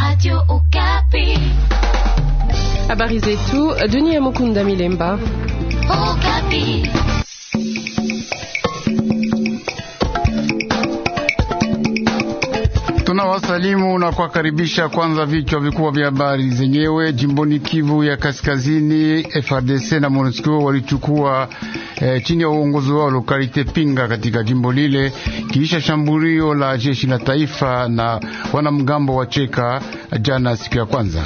Radio Okapi. Habari zetu, Dunia Mukunda Milemba. Okapi. Tunawasalimu na kuwakaribisha. Kwanza vichwa vikubwa vya habari zenyewe. Jimboni Kivu ya Kaskazini, frdc na MONUSCO walichukua eh, chini ya uongozi wao lokalite Pinga katika jimbo lile, kisha shambulio la jeshi la taifa na wanamgambo wa Cheka jana siku ya kwanza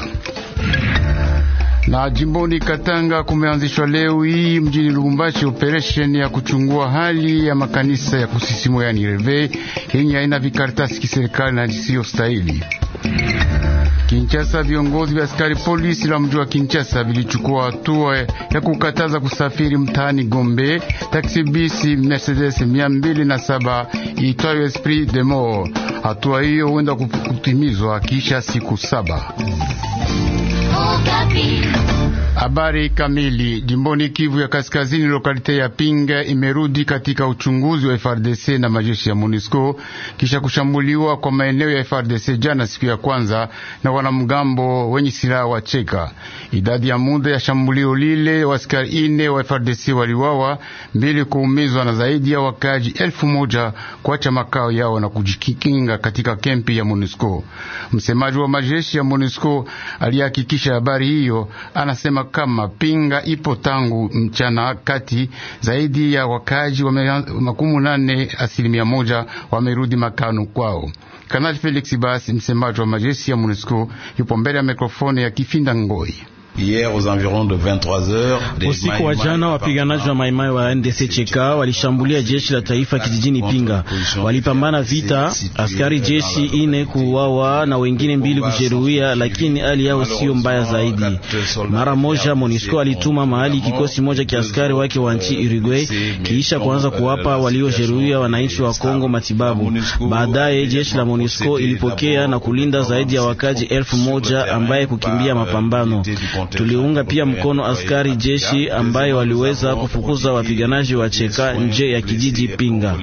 na jimboni Katanga kumeanzishwa leo hii mjini Lubumbashi operesheni ya kuchungua hali ya makanisa ya kusisimua, yani reve yenye aina vikaratasi kiserikali na isiyo stahili. Kinshasa, viongozi vya askari polisi la mji wa Kinshasa vilichukua hatua ya kukataza kusafiri mtaani Gombe taksi bisi Mercedes saba iitwayo Esprit de Mort. Hatua hiyo huenda kutimizwa kisha siku saba. Oh, Habari kamili. Jimboni Kivu ya Kaskazini, lokalite ya Pinga imerudi katika uchunguzi wa FRDC na majeshi ya MONUSCO kisha kushambuliwa kwa maeneo ya FRDC jana siku ya kwanza na wanamgambo wenye silaha wa Cheka. Idadi ya muda ya shambulio lile, waskari ine wa FRDC waliwawa, mbili kuumizwa na zaidi ya wakaji elfu moja kuacha makao yao na kujikinga katika kempi ya MONUSCO. Msemaji wa majeshi ya MONUSCO aliyehakikisha habari hiyo, anasema kama Pinga ipo tangu mchana kati. Zaidi ya wakaji makumi nane asilimia moja wamerudi makano kwao. Kanali Felix Basi, msemaji wa majeshi ya MONUSCO, yupo mbele ya mikrofoni ya Kifinda Ngoi. Hier aux environs de 23 heures, usiku wa jana wapiganaji wa maimai wa NDC Cheka walishambulia jeshi la taifa kijijini Pinga, walipambana vita, askari jeshi ine kuuawa na wengine mbili kujeruhia, lakini hali yao sio mbaya zaidi. Mara moja Monisco alituma mahali kikosi moja kia askari wake wa nchi euh, Uruguay, kiisha kuanza kuwapa euh, waliojeruhia wananchi wa Kongo matibabu. Baadaye jeshi la Monisco ilipokea na kulinda zaidi ya wakaji elfu moja ambaye kukimbia euh, mapambano Tuliunga pia mkono askari jeshi ambaye waliweza kufukuza wapiganaji wa Cheka nje ya kijiji Pinga.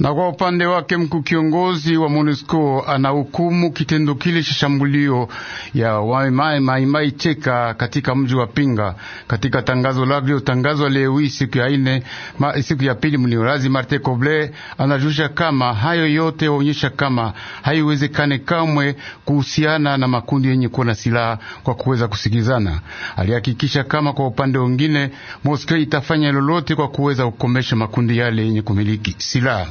Na kwa upande wake mkuu kiongozi wa MONUSCO anahukumu kitendo kile cha shambulio ya maimai Cheka katika mji wa Pinga. Katika tangazo lavyotangazwa leo hii siku ya ine ma, siku ya pili mniorazi Marte Koble anajusha kama hayo yote waonyesha kama haiwezekane kamwe kuhusiana na makundi yenye kuwepo na silaha kwa kuweza kusikizana. Alihakikisha kama kwa upande wengine Moscow itafanya lolote kwa kuweza kukomesha makundi yale yenye kumiliki silaha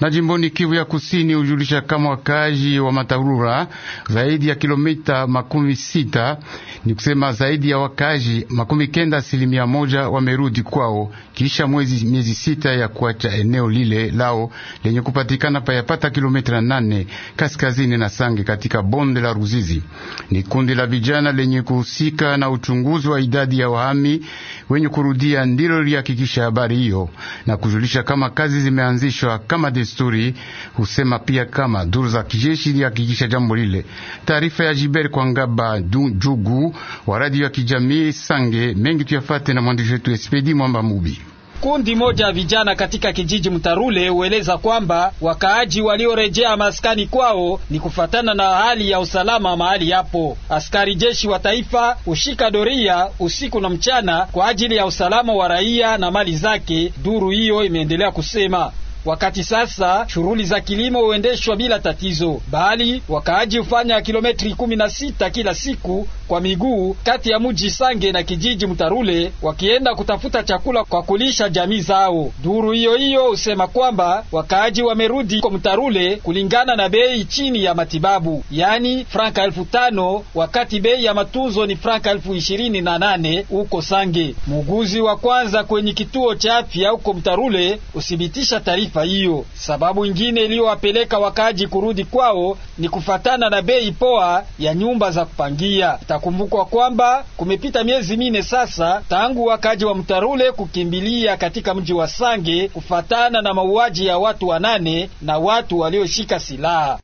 na jimboni Kivu ya Kusini hujulisha kama wakaaji wa Matarura zaidi ya kilomita makumi sita, ni kusema zaidi ya wakaaji makumi kenda asilimia moja wamerudi kwao kisha mwezi miezi sita ya kuacha eneo lile lao lenye kupatikana payapata kilomita nane kaskazini na Sange katika bonde la Ruzizi. Ni kundi la vijana lenye kuhusika na uchunguzi wa idadi ya wahami wenye kurudia ndilo lilihakikisha habari hiyo na kujulisha kama kazi zimeanzishwa kama desturi husema pia kama duru za kijeshi ilihakikisha jambo lile. Taarifa ya Jiber kwa Ngaba Jugu wa radio ya kijamii Sange. Mengi tuyafate na mwandishi wetu Espedi Mwamba Mubi. Kundi moja ya vijana katika kijiji Mtarule hueleza kwamba wakaaji waliorejea maskani kwao ni kufatana na hali ya usalama mahali hapo. Askari jeshi wa taifa hushika doria usiku na mchana kwa ajili ya usalama wa raia na mali zake, duru hiyo imeendelea kusema. Wakati sasa shughuli za kilimo huendeshwa bila tatizo, bali wakaaji hufanya kilometri 16 kila siku kwa miguu kati ya mji Sange na kijiji Mtarule, wakienda kutafuta chakula kwa kulisha jamii zao. Duru hiyo hiyo husema kwamba wakaaji wamerudi kwa Mtarule kulingana na bei chini ya matibabu, yaani franka elfu tano wakati bei ya matunzo ni franka elfu ishirini na nane huko Sange. Muuguzi wa kwanza kwenye kituo cha afya huko Mtarule huthibitisha taarifa hiyo. Sababu ingine iliyowapeleka wakaaji kurudi kwao ni kufatana na bei poa ya nyumba za kupangia. Itakumbukwa kwamba kumepita miezi mine sasa tangu wakaji wa Mtarule kukimbilia katika mji wa Sange kufatana na mauaji ya watu wanane na watu walioshika silaha.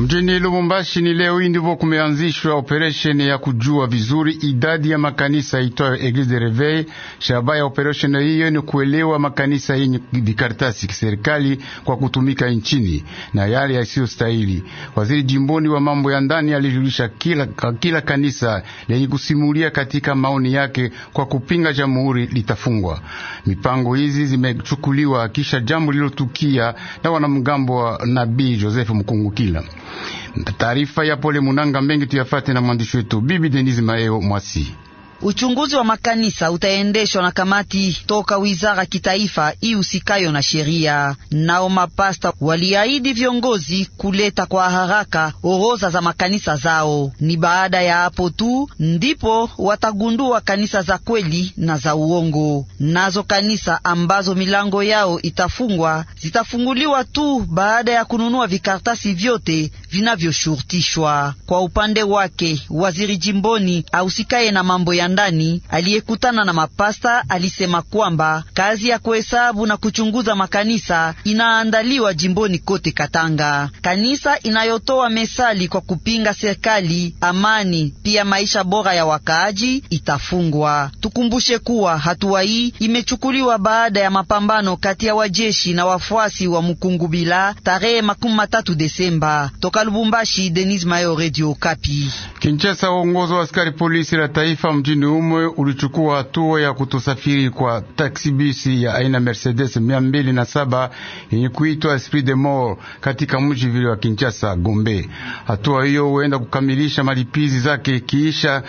Mjini Lubumbashi ni leo hii ndivyo kumeanzishwa operesheni ya kujua vizuri idadi ya makanisa itwayo Eglise de Reveil. Shabaha ya operesheni hiyo ni kuelewa makanisa yenye vikaratasi kiserikali kwa kutumika nchini na yale yasiyostahili. Waziri jimboni wa mambo ya ndani alijulisha kila, kila kanisa lenye kusimulia katika maoni yake kwa kupinga jamhuri litafungwa. Mipango hizi zimechukuliwa kisha jambo lilotukia na wanamgambo wa Nabii Joseph Mkungukila. Taarifa ya Pole Munanga Mengi tuyafate na mwandishi wetu Bibi Denise Maeo Mwasi. Uchunguzi wa makanisa utaendeshwa na kamati toka wizara kitaifa usikayo na sheria. Nao mapasta waliahidi viongozi kuleta kwa haraka orodha za makanisa zao. Ni baada ya hapo tu ndipo watagundua kanisa za kweli na za uongo. Nazo kanisa ambazo milango yao itafungwa zitafunguliwa tu baada ya kununua vikartasi vyote vinavyoshurutishwa. Kwa upande wake, waziri jimboni ausikaye na mambo ya ndani aliyekutana na mapasta alisema kwamba kazi ya kuhesabu na kuchunguza makanisa inaandaliwa jimboni kote Katanga. Kanisa inayotoa mesali kwa kupinga serikali, amani pia maisha bora ya wakaaji itafungwa. Tukumbushe kuwa hatua hii imechukuliwa baada ya mapambano kati ya wajeshi na wafuasi wa bila tarehe makumi matatu Desemba. Toka Lubumbashi, Denis Mayo, Radio Kapi. Kinshasa, uongozi wa askari polisi la taifa mjini nchini umwe ulichukua hatua ya kutosafiri kwa taksi bisi ya aina Mercedes mia mbili na saba yenye kuitwa Esprit de Mort katika mji vile wa Kinshasa Gombe. Hatua hiyo huenda kukamilisha malipizi zake kiisha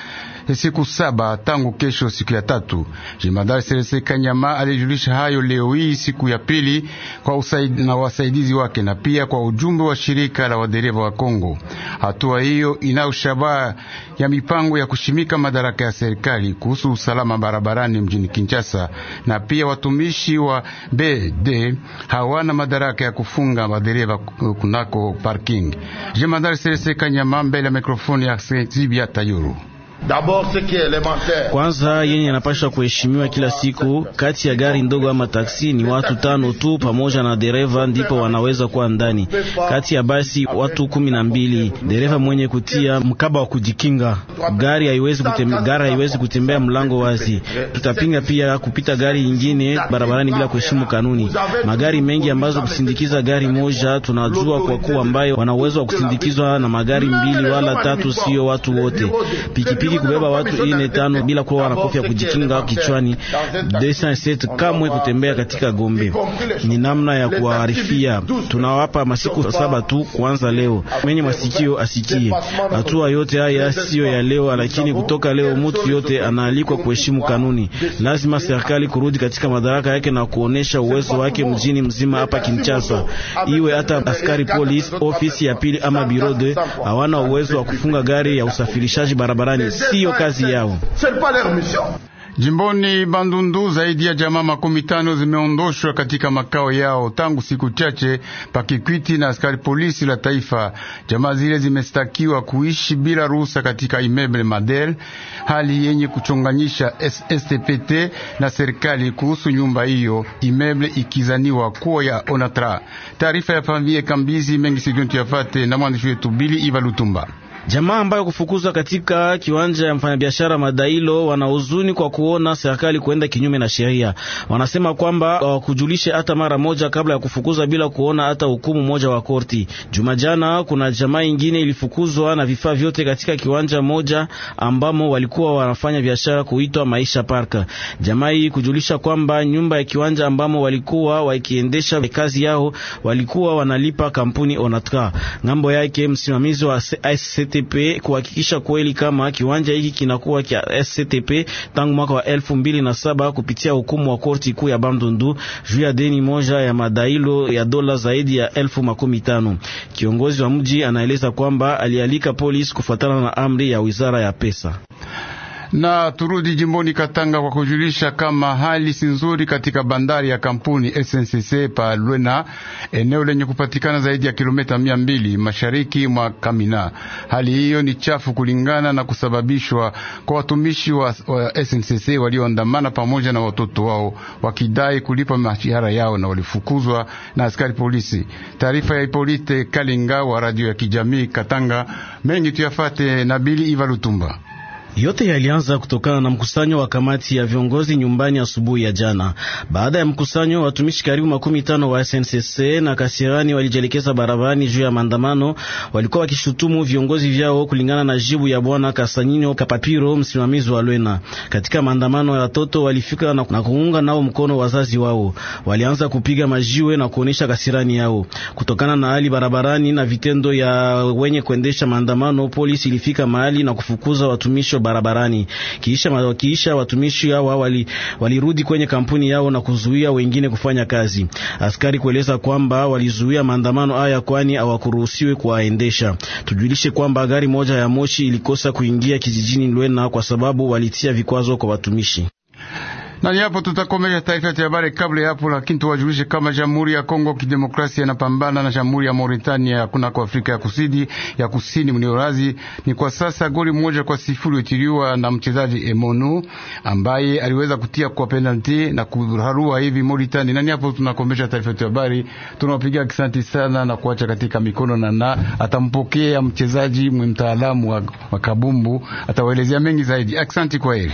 siku saba tangu kesho, siku ya tatu. Jemadari Selese Kanyama alijulisha hayo leo hii siku ya pili kwa usaid, na wasaidizi wake na pia kwa ujumbe wa shirika la wadereva wa Kongo. Hatua hiyo inayo shabaha ya mipango ya kushimika madaraka ya serikali kuhusu usalama barabarani mjini Kinshasa, na pia watumishi wa BD hawana madaraka ya kufunga madereva kunako parking. Jemadari Selese Kanyama mbele ya mikrofoni ya Sibia Tayuru. Kwanza yenye yanapasha kuheshimiwa kila siku kati ya gari ndogo ama taksi ni watu tano tu pamoja na dereva, ndipo wanaweza kuwa ndani. Kati ya basi watu kumi na mbili, dereva mwenye kutia mkaba wa kujikinga. Gari haiwezi kutembea, gari haiwezi kutembea mlango wazi. Tutapinga pia kupita gari nyingine barabarani bila kuheshimu kanuni. Magari mengi ambazo kusindikiza gari moja, tunajua kwa kuwa ambayo wana uwezo wa kusindikizwa na magari mbili wala tatu, sio watu wote. Pikipiki hawastahili kubeba watu ine tano bila kuwa na kofia kujikinga kichwani, kamwe kutembea katika Gombe. Ni namna ya kuwaarifia, tunawapa masiku saba tu kuanza leo. Mwenye masikio asikie. Hatua yote haya siyo ya leo, lakini kutoka leo mutu yote anaalikwa kuheshimu kanuni. Lazima serikali kurudi katika madaraka yake na kuonesha uwezo wake mjini mzima hapa Kinshasa, iwe hata askari polisi ofisi ya pili ama birode, de hawana uwezo wa kufunga gari ya usafirishaji barabarani siyo kazi yao. Jimboni Bandundu zaidi ya jamaa makumi tano zimeondoshwa katika makao yao tangu siku chache pakikwiti na askari polisi la taifa. Jamaa zile zimestakiwa kuishi bila ruhusa katika imeble Madel, hali yenye kuchonganyisha SSTPT na serikali kuhusu nyumba hiyo, imeble ikizaniwa kuwa ya Onatra. Taarifa ya Pamvie Kambizi mengi sijontu yafate na mwandishi wetu Bili Iva Lutumba. Jamaa ambayo kufukuzwa katika kiwanja ya mfanyabiashara Madailo wanahuzuni kwa kuona serikali kuenda kinyume na sheria. Wanasema kwamba hawakujulishe hata mara moja kabla ya kufukuza bila kuona hata hukumu moja wa korti. Jumajana kuna jamaa ingine ilifukuzwa na vifaa vyote katika kiwanja moja ambamo walikuwa wanafanya biashara kuitwa Maisha Park. Jamaa hii kujulisha kwamba nyumba ya kiwanja ambamo walikuwa wakiendesha kazi yao walikuwa wanalipa kampuni Onatra. Ngambo yake msimamizi wa SCTP kuhakikisha kweli kama kiwanja hiki kinakuwa kya SCTP tangu mwaka wa elfu mbili na saba kupitia hukumu wa korti kuu ya Bandundu juu ya deni moja ya madailo ya dola zaidi ya elfu makumi tano. Kiongozi wa mji anaeleza kwamba alialika polisi kufuatana na amri ya wizara ya pesa. Na turudi jimboni Katanga kwa kujulisha kama hali si nzuri katika bandari ya kampuni SNCC pa Luena, eneo lenye kupatikana zaidi ya kilomita mia mbili mashariki mwa Kamina. Hali hiyo ni chafu kulingana na kusababishwa kwa watumishi wa, wa SNCC walioandamana pamoja na watoto wao wakidai kulipa mashahara yao na walifukuzwa na askari polisi. Taarifa ya Ipolite Kalinga wa radio ya kijamii Katanga. Mengi tuyafate na Bili Ivalutumba. Yote yalianza kutokana na mkusanyo wa kamati ya viongozi nyumbani asubuhi ya, ya jana. Baada ya mkusanyo, watumishi karibu makumi tano wa SNCC na kasirani walijielekeza barabarani juu ya maandamano. Walikuwa wakishutumu viongozi vyao, kulingana na jibu ya bwana Kasanyino Kapapiro, msimamizi wa Lwena. Katika maandamano ya watoto walifika na kuunga nao mkono wazazi wao, walianza kupiga majiwe na kuonyesha kasirani yao kutokana na hali barabarani na vitendo ya wenye kuendesha maandamano. Polisi ilifika mahali na kufukuza watumishi barabarani. Kiisha, kisha watumishi hao walirudi kwenye kampuni yao na kuzuia wengine kufanya kazi. Askari kueleza kwamba walizuia maandamano haya kwani hawakuruhusiwi kuwaendesha. Tujulishe kwamba gari moja ya moshi ilikosa kuingia kijijini Lwena kwa sababu walitia vikwazo kwa watumishi. Nani hapo tutakomesha taarifa ya habari. Kabla ya hapo lakini, tuwajulishe kama Jamhuri ya Kongo Kidemokrasia inapambana na Jamhuri ya Mauritania kwa Afrika ya Kusini ya Kusini mniorazi ni kwa sasa goli moja kwa sifuri itiliwa na mchezaji Emonu ambaye aliweza kutia kwa penalti na kuharua hivi Mauritania. ni hapo tunakomesha taarifa ya habari, tunawapigia asante sana na kuacha katika mikono na na atampokea mchezaji mtaalamu wa, wa kabumbu atawaelezea mengi zaidi. Asante, kwaheri.